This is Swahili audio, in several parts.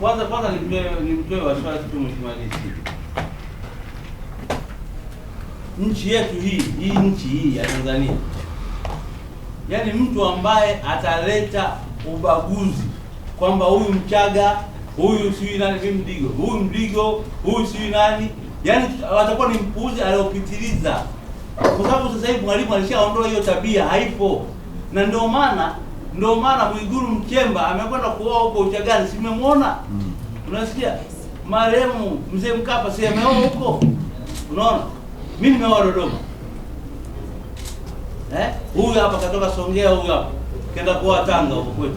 Kwanza kwanza nimtoe wasiwasi tu mheshimiwa DC, nchi yetu hii hii nchi hii ya Tanzania, yaani mtu ambaye ataleta ubaguzi kwamba huyu Mchaga, huyu sijui nani, mimi Mdigo, huyu Mdigo, huyu sijui nani, yaani watakuwa ni mpuuzi aliyopitiliza, kwa sababu sasa hivi mwalimu alishaondoa hiyo tabia, haipo na ndio maana ndio maana Mwigulu Mchemba amekwenda kuoa huko Uchagani, simemwona mm. Unasikia marehemu mzee Mkapa si ameoa huko, unaona mi nimeoa Dodoma eh? Huyu hapa katoka Songea, huyu hapa kenda kuoa Tanga huko kwetu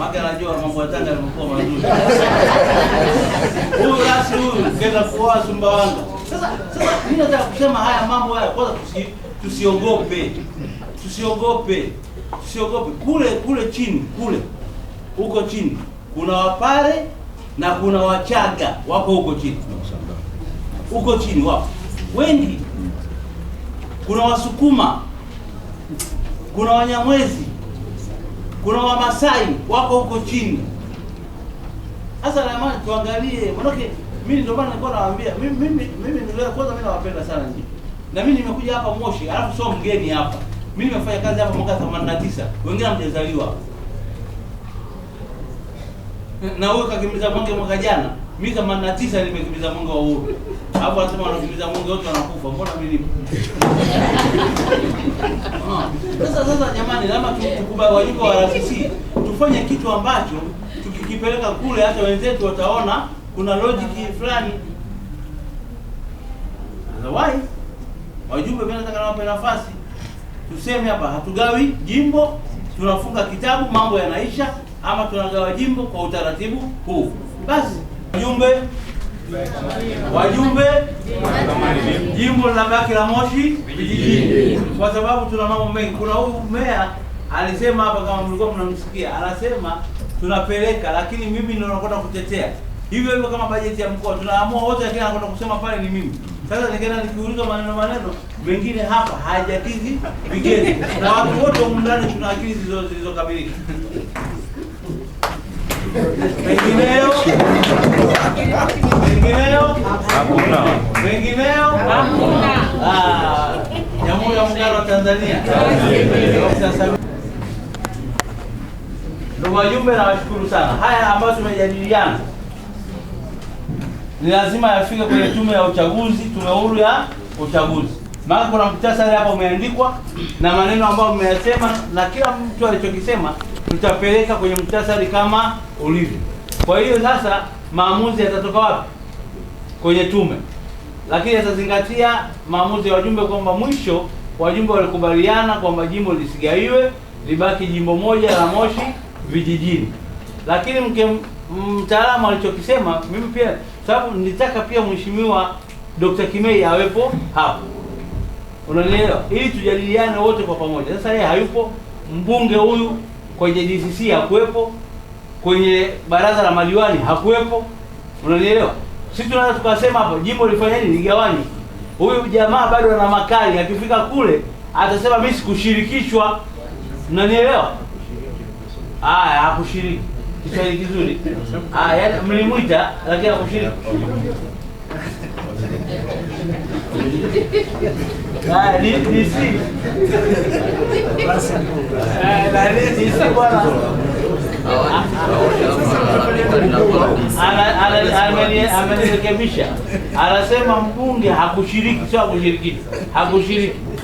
wake anajua mambo ya Tanga yamekuwa mazuri. Huyu rasmi huyu kenda kuoa Sumbawanga. Sasa sasa mimi nataka kusema haya mambo haya kwanza, tusiogope tusiogope, tusiogope. Kule kule chini kule huko chini kuna Wapare na kuna Wachaga wako huko chini, huko chini wapo wengi. Kuna Wasukuma, kuna Wanyamwezi, kuna Wamasai wako huko chini. Sasa lamani tuangalie, manake mimi ndio maana nilikuwa nawaambia mimi mimi mimi ndio kwanza mimi nawapenda sana nyinyi, na mimi nimekuja hapa Moshi, alafu sio mgeni hapa. Mimi nimefanya kazi hapa mwaka 89, wengine hamjazaliwa. Na wewe kakimbiza mwenge mwaka jana, mimi 89 nimekimbiza mwenge wa uhuru. Hapo watu wanakimbiza mwenge wote wanakufa. Mbona mimi nipo? Sasa sasa, jamani, lama tukubali wajibu wa RCC, tufanye kitu ambacho tukikipeleka kule hata wenzetu wataona kuna logic fulani. Otherwise, wajumbe pia nataka nawape nafasi tuseme hapa hatugawi jimbo, tunafunga kitabu, mambo yanaisha, ama tunagawa jimbo kwa utaratibu huu. Basi wajumbe wajumbe jimbo linabaki la Moshi vijijini, kwa sababu tuna mambo mengi. Kuna huyu meya alisema hapa, kama mlikuwa mnamsikia, anasema tunapeleka, lakini mimi ndio kutetea hivyo hivyo kama bajeti ya mkoa tunaamua wote, lakini anakwenda kusema pale ni mimi. Sasa nikienda nikiuliza maneno maneno mengine hapa hayajakizi vigezo, na watu wote humu ndani tuna akili zilizo zilizokamilika, mengineyo mengineyo hakuna, mengineyo hakuna. Ah, Jamhuri ya Muungano wa Tanzania. Ndugu wajumbe, nawashukuru sana haya ambayo tumejadiliana ni lazima yafike kwenye tume ya uchaguzi, tume huru ya uchaguzi, maana kuna mtasari hapa umeandikwa na maneno ambayo mmeyasema na kila mtu alichokisema tutapeleka kwenye mtasari kama ulivyo. Kwa hiyo sasa maamuzi yatatoka wapi? Kwenye tume, lakini yatazingatia maamuzi ya wajumbe kwamba mwisho wajumbe walikubaliana kwamba jimbo lisigaiwe libaki jimbo moja la Moshi vijijini, lakini mke mtaalamu alichokisema mimi pia sababu nilitaka pia mheshimiwa Dr. Kimei awepo hapo, unanielewa, ili tujadiliane wote kwa pamoja. Sasa yeye hayupo, mbunge huyu kwenye DCC hakuwepo, kwenye baraza la madiwani hakuwepo, unanielewa. Sisi tunaweza tukasema hapo jimbo lifanye nini, ligawani. Huyu jamaa bado ana makali, akifika kule atasema mimi sikushirikishwa, unanielewa. Haya, hakushiriki. Kiswahili kizuri. Ah, yaani mlimwita lakini hakushiriki. Amenirekebisha, anasema mbunge hakushiriki, sio hakushiriki, hakushiriki